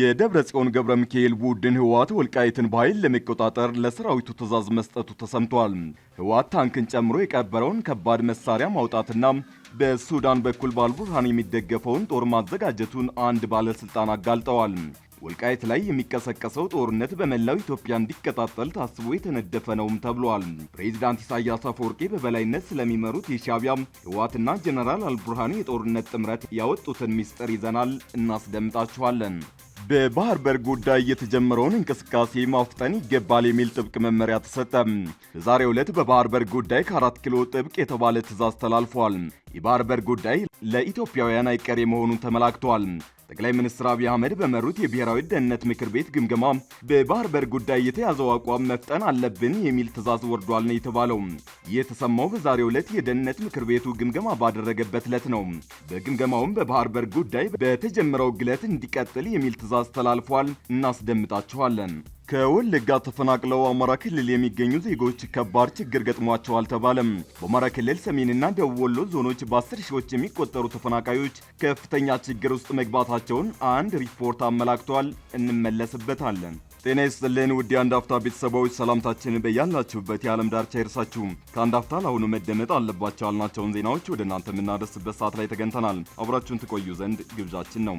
የደብረ ጽዮን ገብረ ሚካኤል ቡድን ህወሓት ወልቃይትን በኃይል ለመቆጣጠር ለሰራዊቱ ትዕዛዝ መስጠቱ ተሰምቷል። ህወሓት ታንክን ጨምሮ የቀበረውን ከባድ መሳሪያ ማውጣትና በሱዳን በኩል ባልቡርሃን የሚደገፈውን ጦር ማዘጋጀቱን አንድ ባለስልጣን አጋልጠዋል። ወልቃይት ላይ የሚቀሰቀሰው ጦርነት በመላው ኢትዮጵያ እንዲቀጣጠል ታስቦ የተነደፈ ነውም ተብሏል። ፕሬዚዳንት ኢሳያስ አፈወርቂ በበላይነት ስለሚመሩት የሻቢያ ህወሓትና ጄኔራል አልቡርሃን የጦርነት ጥምረት ያወጡትን ምስጢር ይዘናል፣ እናስደምጣችኋለን። በባህር በር ጉዳይ የተጀመረውን እንቅስቃሴ ማፍጠን ይገባል የሚል ጥብቅ መመሪያ ተሰጠ። በዛሬው ዕለት በባህር በር ጉዳይ ከአራት ኪሎ ጥብቅ የተባለ ትዕዛዝ ተላልፏል። የባህር በር ጉዳይ ለኢትዮጵያውያን አይቀሬ መሆኑን ተመላክቷል። ጠቅላይ ሚኒስትር አብይ አህመድ በመሩት የብሔራዊ ደህንነት ምክር ቤት ግምገማ በባህር በር ጉዳይ የተያዘው አቋም መፍጠን አለብን የሚል ትዕዛዝ ወርዷል ነው የተባለው። ይህ የተሰማው በዛሬው ዕለት የደህንነት ምክር ቤቱ ግምገማ ባደረገበት ዕለት ነው። በግምገማውም በባህር በር ጉዳይ በተጀመረው ግለት እንዲቀጥል የሚል ትዕዛዝ ተላልፏል። እናስደምጣችኋለን። ከወለጋ ተፈናቅለው አማራ ክልል የሚገኙ ዜጎች ከባድ ችግር ገጥሟቸዋል አልተባለም። በአማራ ክልል ሰሜንና ደቡብ ወሎ ዞኖች በአስር ሺዎች የሚቆጠሩ ተፈናቃዮች ከፍተኛ ችግር ውስጥ መግባታቸውን አንድ ሪፖርት አመላክቷል። እንመለስበታለን። ጤና ይስጥልን ውድ የአንድ አፍታ ቤተሰቦች፣ ሰላምታችን በያላችሁበት የዓለም ዳርቻ ይርሳችሁ። ከአንድ አፍታ ለአሁኑ መደመጥ አለባቸው ያልናቸውን ዜናዎች ወደ እናንተ የምናደርስበት ሰዓት ላይ ተገኝተናል። አብራችሁን ትቆዩ ዘንድ ግብዣችን ነው።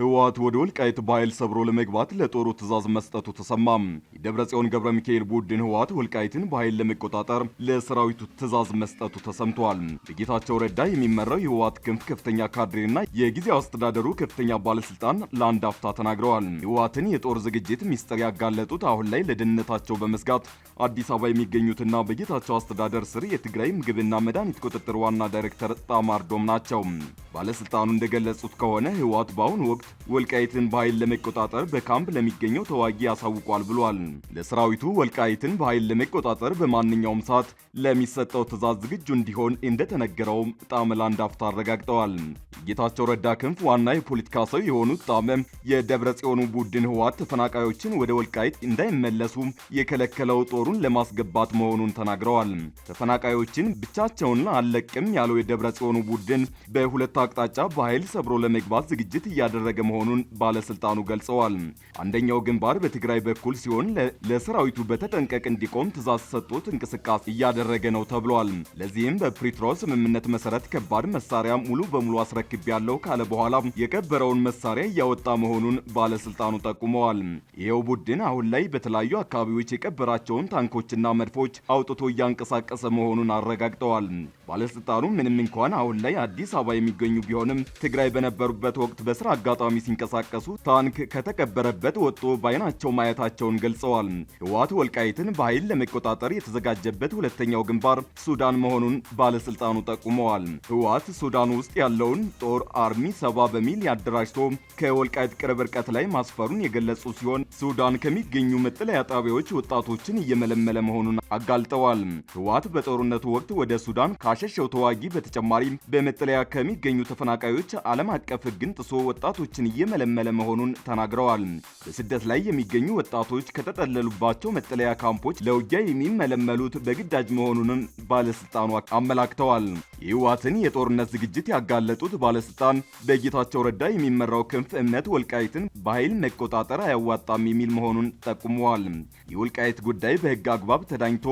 ህወሓት ወደ ወልቃይት በኃይል ሰብሮ ለመግባት ለጦሩ ትዕዛዝ መስጠቱ ተሰማ። የደብረ ጽዮን ገብረ ሚካኤል ቡድን ህወሓት ወልቃይትን በኃይል ለመቆጣጠር ለሰራዊቱ ትዕዛዝ መስጠቱ ተሰምቷል። በጌታቸው ረዳ የሚመራው የህወሓት ክንፍ ከፍተኛ ካድሬና የጊዜያዊ አስተዳደሩ ከፍተኛ ባለስልጣን ለአንድ አፍታ ተናግረዋል። ህወሓትን የጦር ዝግጅት ሚስጥር ያጋለጡት አሁን ላይ ለደህንነታቸው በመስጋት አዲስ አበባ የሚገኙትና በጌታቸው አስተዳደር ስር የትግራይ ምግብና መድኃኒት ቁጥጥር ዋና ዳይሬክተር ጣማርዶም ናቸው። ባለስልጣኑ እንደገለጹት ከሆነ ህወሓት በአሁኑ ወቅት ወልቃይትን በኃይል ለመቆጣጠር በካምፕ ለሚገኘው ተዋጊ ያሳውቋል ብሏል። ለሰራዊቱ ወልቃይትን በኃይል ለመቆጣጠር በማንኛውም ሰዓት ለሚሰጠው ትዕዛዝ ዝግጁ እንዲሆን እንደተነገረውም ጣመ ለአንድ አፍታ አረጋግጠዋል። የጌታቸው ረዳ ክንፍ ዋና የፖለቲካ ሰው የሆኑት ጣመም የደብረ ጽዮኑ ቡድን ህዋት ተፈናቃዮችን ወደ ወልቃይት እንዳይመለሱ የከለከለው ጦሩን ለማስገባት መሆኑን ተናግረዋል። ተፈናቃዮችን ብቻቸውን አለቅም ያለው የደብረ ጽዮኑ ቡድን በሁለት አቅጣጫ በኃይል ሰብሮ ለመግባት ዝግጅት እያደረገ እየተደረገ መሆኑን ባለስልጣኑ ገልጸዋል። አንደኛው ግንባር በትግራይ በኩል ሲሆን ለሰራዊቱ በተጠንቀቅ እንዲቆም ትእዛዝ ሰጡት እንቅስቃሴ እያደረገ ነው ተብሏል። ለዚህም በፕሪትሮ ስምምነት መሰረት ከባድ መሳሪያ ሙሉ በሙሉ አስረክብ ያለው ካለ በኋላ የቀበረውን መሳሪያ እያወጣ መሆኑን ባለስልጣኑ ጠቁመዋል። ይኸው ቡድን አሁን ላይ በተለያዩ አካባቢዎች የቀበራቸውን ታንኮችና መድፎች አውጥቶ እያንቀሳቀሰ መሆኑን አረጋግጠዋል። ባለስልጣኑ ምንም እንኳን አሁን ላይ አዲስ አበባ የሚገኙ ቢሆንም ትግራይ በነበሩበት ወቅት በስራ አጋ አጋጣሚ ሲንቀሳቀሱ ታንክ ከተቀበረበት ወጥቶ በአይናቸው ማየታቸውን ገልጸዋል። ህወሓት ወልቃይትን በኃይል ለመቆጣጠር የተዘጋጀበት ሁለተኛው ግንባር ሱዳን መሆኑን ባለስልጣኑ ጠቁመዋል። ህወሓት ሱዳን ውስጥ ያለውን ጦር አርሚ ሰባ በሚል ያደራጅቶ ከወልቃይት ቅርብ ርቀት ላይ ማስፈሩን የገለጹ ሲሆን ሱዳን ከሚገኙ መጠለያ ጣቢያዎች ወጣቶችን እየመለመለ መሆኑን አጋልጠዋል። ህወሓት በጦርነቱ ወቅት ወደ ሱዳን ካሸሸው ተዋጊ በተጨማሪ በመጠለያ ከሚገኙ ተፈናቃዮች ዓለም አቀፍ ህግን ጥሶ ወጣቶች ወጣቶችን እየመለመለ መሆኑን ተናግረዋል። በስደት ላይ የሚገኙ ወጣቶች ከተጠለሉባቸው መጠለያ ካምፖች ለውጊያ የሚመለመሉት በግዳጅ መሆኑንም ባለስልጣኑ አመላክተዋል። የህወሓትን የጦርነት ዝግጅት ያጋለጡት ባለስልጣን በጌታቸው ረዳ የሚመራው ክንፍ እምነት ወልቃይትን በኃይል መቆጣጠር አያዋጣም የሚል መሆኑን ጠቁመዋል። የወልቃይት ጉዳይ በህግ አግባብ ተዳኝቶ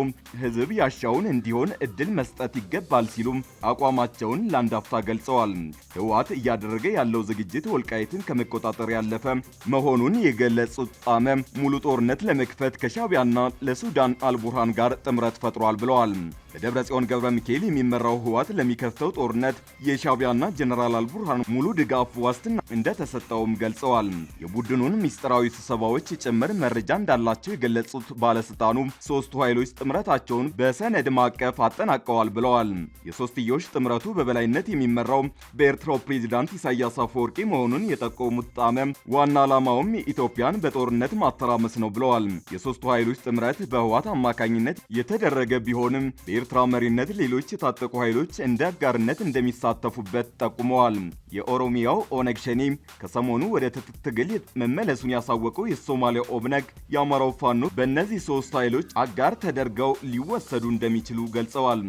ህዝብ ያሻውን እንዲሆን እድል መስጠት ይገባል ሲሉም አቋማቸውን ለአንድ አፍታ ገልጸዋል። ህወሓት እያደረገ ያለው ዝግጅት ወልቃይት ሰራዊትን ከመቆጣጠር ያለፈ መሆኑን የገለጹት ጣመ ሙሉ ጦርነት ለመክፈት ከሻቢያና ለሱዳን አልቡርሃን ጋር ጥምረት ፈጥሯል ብለዋል። በደብረ ጽዮን ገብረ ሚካኤል የሚመራው ህወሓት ለሚከፍተው ጦርነት የሻቢያና ጀነራል አልቡርሃን ሙሉ ድጋፍ ዋስትና እንደተሰጠውም ገልጸዋል። የቡድኑን ሚስጥራዊ ስብሰባዎች ጭምር መረጃ እንዳላቸው የገለጹት ባለስልጣኑ ሶስቱ ኃይሎች ጥምረታቸውን በሰነድ ማቀፍ አጠናቀዋል ብለዋል። የሶስትዮሽ ጥምረቱ በበላይነት የሚመራው በኤርትራው ፕሬዚዳንት ኢሳያስ አፈወርቂ መሆኑን የጠቆሙት ጣመ ዋና ዓላማውም ኢትዮጵያን በጦርነት ማተራመስ ነው ብለዋል። የሶስቱ ኃይሎች ጥምረት በህወሓት አማካኝነት የተደረገ ቢሆንም በኤርትራ መሪነት ሌሎች የታጠቁ ኃይሎች እንደ አጋርነት እንደሚሳተፉበት ጠቁመዋል። የኦሮሚያው ኦነግ ሸኔ ከሰሞኑ ወደ ትጥቅ ትግል መመለሱን ያሳወቀው የሶማሊያ ኦብነግ፣ የአማራው ፋኖ በእነዚህ ሶስት ኃይሎች አጋር ተደርገው ሊወሰዱ እንደሚችሉ ገልጸዋል።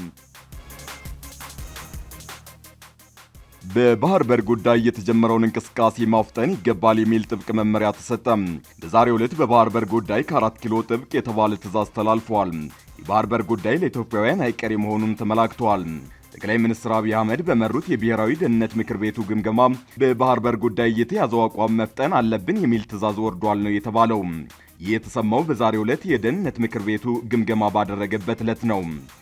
በባህር በር ጉዳይ የተጀመረውን እንቅስቃሴ ማፍጠን ይገባል የሚል ጥብቅ መመሪያ ተሰጠ። በዛሬው ዕለት በባህር በር ጉዳይ ከአራት ኪሎ ጥብቅ የተባለ ትዕዛዝ ተላልፏል። የባህር በር ጉዳይ ለኢትዮጵያውያን አይቀሬ መሆኑም ተመላክቷል። ጠቅላይ ሚኒስትር አብይ አህመድ በመሩት የብሔራዊ ደህንነት ምክር ቤቱ ግምገማ በባህር በር ጉዳይ የተያዘው አቋም መፍጠን አለብን የሚል ትዕዛዝ ወርዷል ነው የተባለው። ይህ የተሰማው በዛሬው ዕለት የደህንነት ምክር ቤቱ ግምገማ ባደረገበት ዕለት ነው።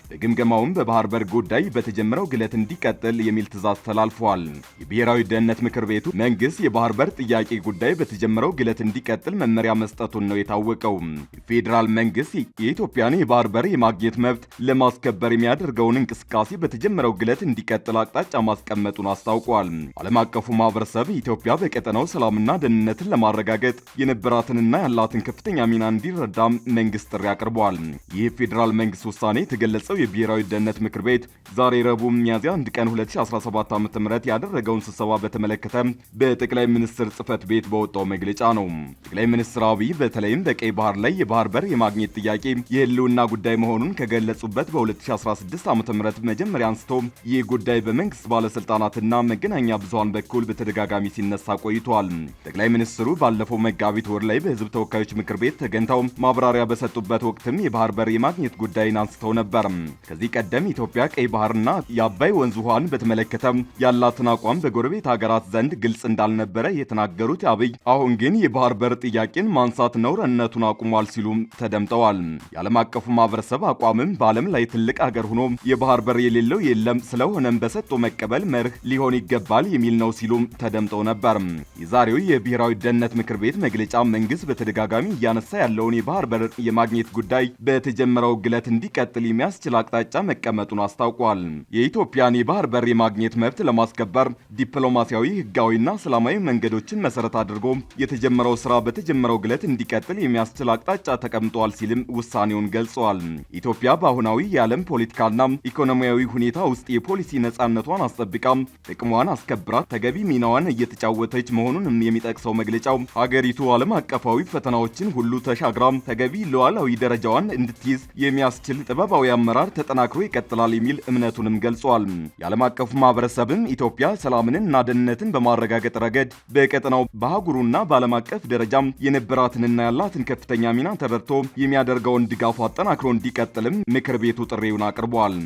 በግምገማውም በባህር በር ጉዳይ በተጀመረው ግለት እንዲቀጥል የሚል ትዕዛዝ ተላልፏል። የብሔራዊ ደህንነት ምክር ቤቱ መንግስት የባህር በር ጥያቄ ጉዳይ በተጀመረው ግለት እንዲቀጥል መመሪያ መስጠቱን ነው የታወቀው። የፌዴራል መንግስት የኢትዮጵያን የባህር በር የማግኘት መብት ለማስከበር የሚያደርገውን እንቅስቃሴ በተጀመረው ግለት እንዲቀጥል አቅጣጫ ማስቀመጡን አስታውቋል። ዓለም አቀፉ ማህበረሰብ ኢትዮጵያ በቀጠናው ሰላምና ደህንነትን ለማረጋገጥ የነበራትንና ያላትን ክፍት ከፍተኛ ሚና እንዲረዳም መንግስት ጥሪ አቅርበዋል። ይህ ፌዴራል መንግስት ውሳኔ የተገለጸው የብሔራዊ ደህንነት ምክር ቤት ዛሬ ረቡዕ ሚያዝያ 1 ቀን 2017 ዓ ም ያደረገውን ስብሰባ በተመለከተ በጠቅላይ ሚኒስትር ጽህፈት ቤት በወጣው መግለጫ ነው። ጠቅላይ ሚኒስትር አብይ በተለይም በቀይ ባህር ላይ የባህር በር የማግኘት ጥያቄ የህልውና ጉዳይ መሆኑን ከገለጹበት በ2016 ዓ ም መጀመሪያ አንስቶ ይህ ጉዳይ በመንግስት ባለስልጣናትና መገናኛ ብዙሃን በኩል በተደጋጋሚ ሲነሳ ቆይቷል። ጠቅላይ ሚኒስትሩ ባለፈው መጋቢት ወር ላይ በህዝብ ተወካዮች ምክር ምክር ቤት ተገኝተው ማብራሪያ በሰጡበት ወቅትም የባህር በር የማግኘት ጉዳይን አንስተው ነበር። ከዚህ ቀደም ኢትዮጵያ ቀይ ባህርና የአባይ ወንዝ ውሃን በተመለከተ ያላትን አቋም በጎረቤት ሀገራት ዘንድ ግልጽ እንዳልነበረ የተናገሩት አብይ አሁን ግን የባህር በር ጥያቄን ማንሳት ነውርነቱን አቁሟል ሲሉም ተደምጠዋል። የዓለም አቀፉ ማህበረሰብ አቋምም በዓለም ላይ ትልቅ ሀገር ሆኖ የባህር በር የሌለው የለም፣ ስለሆነም በሰጥቶ መቀበል መርህ ሊሆን ይገባል የሚል ነው ሲሉም ተደምጠው ነበር። የዛሬው የብሔራዊ ደህንነት ምክር ቤት መግለጫ መንግስት በተደጋጋሚ እያነሳ ያለውን የባህር በር የማግኘት ጉዳይ በተጀመረው ግለት እንዲቀጥል የሚያስችል አቅጣጫ መቀመጡን አስታውቋል። የኢትዮጵያን የባህር በር የማግኘት መብት ለማስከበር ዲፕሎማሲያዊ፣ ህጋዊና ሰላማዊ መንገዶችን መሰረት አድርጎ የተጀመረው ስራ በተጀመረው ግለት እንዲቀጥል የሚያስችል አቅጣጫ ተቀምጧል ሲልም ውሳኔውን ገልጸዋል። ኢትዮጵያ በአሁናዊ የዓለም ፖለቲካና ኢኮኖሚያዊ ሁኔታ ውስጥ የፖሊሲ ነጻነቷን አስጠብቃ ጥቅሟን አስከብራ ተገቢ ሚናዋን እየተጫወተች መሆኑንም የሚጠቅሰው መግለጫው ሀገሪቱ ዓለም አቀፋዊ ፈተናዎችን ሁሉ ተሻግራም ተገቢ ሉዓላዊ ደረጃዋን እንድትይዝ የሚያስችል ጥበባዊ አመራር ተጠናክሮ ይቀጥላል የሚል እምነቱንም ገልጿል። የዓለም አቀፉ ማህበረሰብም ኢትዮጵያ ሰላምንና ደህንነትን በማረጋገጥ ረገድ በቀጠናው በአህጉሩና በዓለም አቀፍ ደረጃም የነበራትንና ያላትን ከፍተኛ ሚና ተበርቶ የሚያደርገውን ድጋፏ አጠናክሮ እንዲቀጥልም ምክር ቤቱ ጥሪውን አቅርቧል።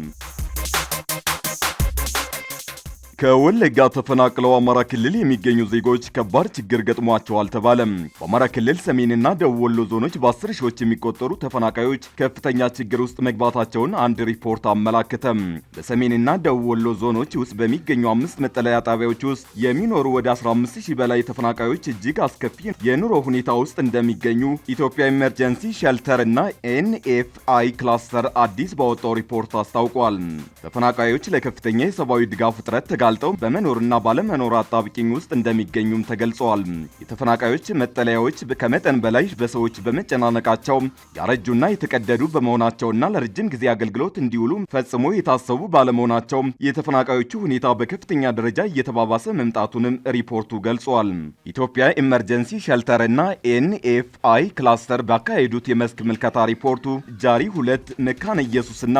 ከወለጋ ተፈናቅለው አማራ ክልል የሚገኙ ዜጎች ከባድ ችግር ገጥሟቸዋል ተባለም። በአማራ ክልል ሰሜንና ደቡብ ወሎ ዞኖች በአስር ሺዎች የሚቆጠሩ ተፈናቃዮች ከፍተኛ ችግር ውስጥ መግባታቸውን አንድ ሪፖርት አመላከተም። በሰሜንና ደቡብ ወሎ ዞኖች ውስጥ በሚገኙ አምስት መጠለያ ጣቢያዎች ውስጥ የሚኖሩ ወደ 15 ሺህ በላይ ተፈናቃዮች እጅግ አስከፊ የኑሮ ሁኔታ ውስጥ እንደሚገኙ ኢትዮጵያ ኢመርጀንሲ ሸልተር እና ኤንኤፍአይ ክላስተር አዲስ ባወጣው ሪፖርት አስታውቋል። ተፈናቃዮች ለከፍተኛ የሰብአዊ ድጋፍ እጥረት ተጋ ተጋልጠው በመኖርና ባለመኖር አጣብቂኝ ውስጥ እንደሚገኙም ተገልጸዋል። የተፈናቃዮች መጠለያዎች ከመጠን በላይ በሰዎች በመጨናነቃቸው ያረጁና የተቀደዱ በመሆናቸውና ለረጅም ጊዜ አገልግሎት እንዲውሉ ፈጽሞ የታሰቡ ባለመሆናቸው የተፈናቃዮቹ ሁኔታ በከፍተኛ ደረጃ እየተባባሰ መምጣቱንም ሪፖርቱ ገልጿል። ኢትዮጵያ ኢመርጀንሲ ሸልተር እና ኤንኤፍአይ ክላስተር ባካሄዱት የመስክ ምልከታ ሪፖርቱ ጃሪ ሁለት መካነ ኢየሱስና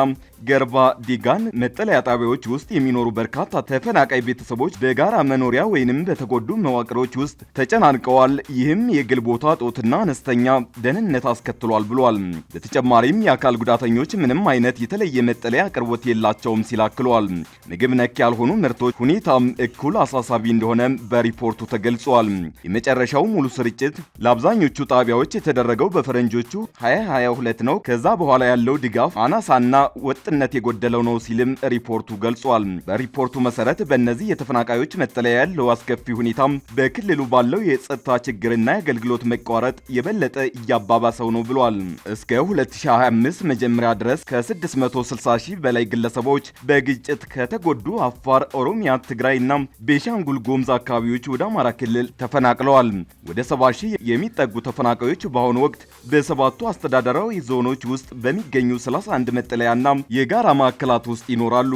ገርባ ዲጋን መጠለያ ጣቢያዎች ውስጥ የሚኖሩ በርካታ ተፈናቃይ ቤተሰቦች በጋራ መኖሪያ ወይንም በተጎዱ መዋቅሮች ውስጥ ተጨናንቀዋል። ይህም የግል ቦታ ጦትና አነስተኛ ደህንነት አስከትሏል ብሏል። በተጨማሪም የአካል ጉዳተኞች ምንም አይነት የተለየ መጠለያ አቅርቦት የላቸውም ሲል አክሏል። ምግብ ነክ ያልሆኑ ምርቶች ሁኔታም እኩል አሳሳቢ እንደሆነ በሪፖርቱ ተገልጿል። የመጨረሻው ሙሉ ስርጭት ለአብዛኞቹ ጣቢያዎች የተደረገው በፈረንጆቹ 2022 ነው። ከዛ በኋላ ያለው ድጋፍ አናሳና ወጥ ግልጽነት የጎደለው ነው ሲልም ሪፖርቱ ገልጿል። በሪፖርቱ መሰረት በእነዚህ የተፈናቃዮች መጠለያ ያለው አስከፊ ሁኔታም በክልሉ ባለው የጸጥታ ችግርና የአገልግሎት መቋረጥ የበለጠ እያባባሰው ነው ብሏል። እስከ 2025 መጀመሪያ ድረስ ከ660 ሺህ በላይ ግለሰቦች በግጭት ከተጎዱ አፋር፣ ኦሮሚያ፣ ትግራይና ቤሻንጉል ጎምዝ አካባቢዎች ወደ አማራ ክልል ተፈናቅለዋል። ወደ 70 ሺህ የሚጠጉ ተፈናቃዮች በአሁኑ ወቅት በሰባቱ አስተዳደራዊ ዞኖች ውስጥ በሚገኙ 31 መጠለያና የጋራ ማዕከላት ውስጥ ይኖራሉ።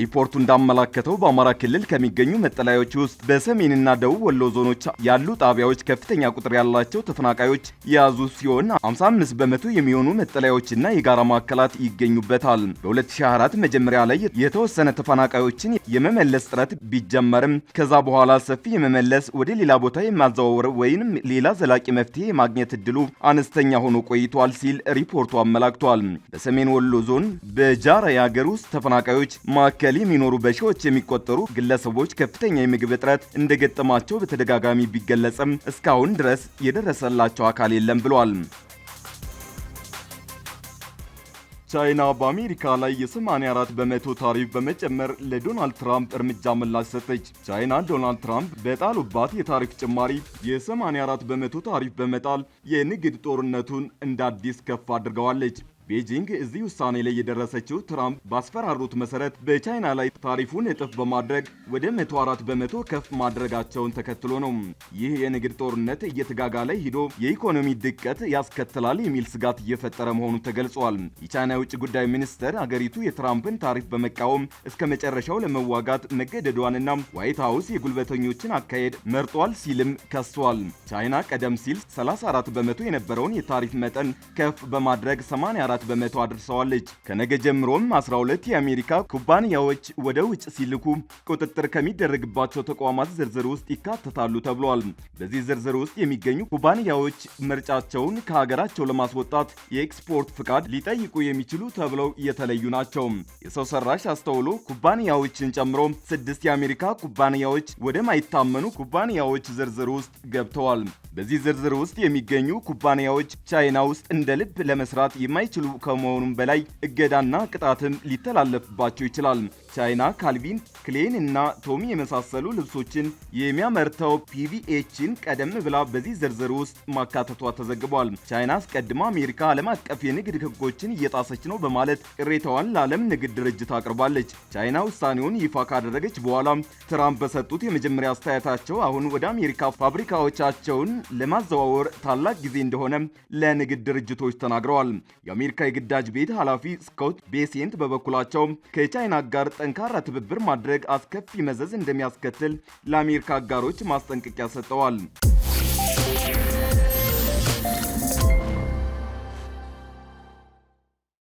ሪፖርቱ እንዳመላከተው በአማራ ክልል ከሚገኙ መጠለያዎች ውስጥ በሰሜንና ደቡብ ወሎ ዞኖች ያሉ ጣቢያዎች ከፍተኛ ቁጥር ያላቸው ተፈናቃዮች የያዙ ሲሆን 55 በመቶ የሚሆኑ መጠለያዎችና የጋራ ማዕከላት ይገኙበታል። በ2024 መጀመሪያ ላይ የተወሰነ ተፈናቃዮችን የመመለስ ጥረት ቢጀመርም ከዛ በኋላ ሰፊ የመመለስ ወደ ሌላ ቦታ የማዘዋወር ወይም ሌላ ዘላቂ መፍትሄ የማግኘት እድሉ አነስተኛ ሆኖ ቆይቷል ሲል ሪፖርቱ አመላክቷል። በሰሜን ወሎ ዞን በጃ ጃራ የሀገር ውስጥ ተፈናቃዮች ማዕከል የሚኖሩ በሺዎች የሚቆጠሩ ግለሰቦች ከፍተኛ የምግብ እጥረት እንደገጠማቸው በተደጋጋሚ ቢገለጽም እስካሁን ድረስ የደረሰላቸው አካል የለም ብሏል። ቻይና በአሜሪካ ላይ የ84 በመቶ ታሪፍ በመጨመር ለዶናልድ ትራምፕ እርምጃ ምላሽ ሰጠች። ቻይና ዶናልድ ትራምፕ በጣሉባት የታሪፍ ጭማሪ የ84 በመቶ ታሪፍ በመጣል የንግድ ጦርነቱን እንደ አዲስ ከፍ አድርገዋለች። ቤጂንግ እዚህ ውሳኔ ላይ የደረሰችው ትራምፕ ባስፈራሩት መሰረት በቻይና ላይ ታሪፉን እጥፍ በማድረግ ወደ 104 በመቶ ከፍ ማድረጋቸውን ተከትሎ ነው። ይህ የንግድ ጦርነት እየተጋጋለ ሂዶ የኢኮኖሚ ድቀት ያስከትላል የሚል ስጋት እየፈጠረ መሆኑ ተገልጿል። የቻይና የውጭ ጉዳይ ሚኒስትር አገሪቱ የትራምፕን ታሪፍ በመቃወም እስከ መጨረሻው ለመዋጋት መገደዷንና ዋይት ሀውስ የጉልበተኞችን አካሄድ መርጧል ሲልም ከሷል። ቻይና ቀደም ሲል 34 በመቶ የነበረውን የታሪፍ መጠን ከፍ በማድረግ 84 14 በመቶ አድርሰዋለች። ከነገ ጀምሮም 12 የአሜሪካ ኩባንያዎች ወደ ውጭ ሲልኩ ቁጥጥር ከሚደረግባቸው ተቋማት ዝርዝር ውስጥ ይካተታሉ ተብሏል። በዚህ ዝርዝር ውስጥ የሚገኙ ኩባንያዎች ምርጫቸውን ከሀገራቸው ለማስወጣት የኤክስፖርት ፍቃድ ሊጠይቁ የሚችሉ ተብለው የተለዩ ናቸው። የሰው ሰራሽ አስተውሎ ኩባንያዎችን ጨምሮ ስድስት የአሜሪካ ኩባንያዎች ወደማይታመኑ ኩባንያዎች ዝርዝር ውስጥ ገብተዋል። በዚህ ዝርዝር ውስጥ የሚገኙ ኩባንያዎች ቻይና ውስጥ እንደ ልብ ለመስራት የማይችሉ ከመሆኑም በላይ እገዳና ቅጣትም ሊተላለፍባቸው ይችላል። ቻይና ካልቪን ክሌን እና ቶሚ የመሳሰሉ ልብሶችን የሚያመርተው ፒቪኤችን ቀደም ብላ በዚህ ዝርዝር ውስጥ ማካተቷ ተዘግቧል። ቻይና አስቀድማ አሜሪካ ዓለም አቀፍ የንግድ ሕጎችን እየጣሰች ነው በማለት ቅሬታዋን ለዓለም ንግድ ድርጅት አቅርባለች። ቻይና ውሳኔውን ይፋ ካደረገች በኋላ ትራምፕ በሰጡት የመጀመሪያ አስተያየታቸው አሁን ወደ አሜሪካ ፋብሪካዎቻቸውን ለማዘዋወር ታላቅ ጊዜ እንደሆነ ለንግድ ድርጅቶች ተናግረዋል። የአሜሪካ የአሜሪካ የግዳጅ ቤት ኃላፊ ስኮት ቤሴንት በበኩላቸው ከቻይና ጋር ጠንካራ ትብብር ማድረግ አስከፊ መዘዝ እንደሚያስከትል ለአሜሪካ አጋሮች ማስጠንቀቂያ ሰጥተዋል።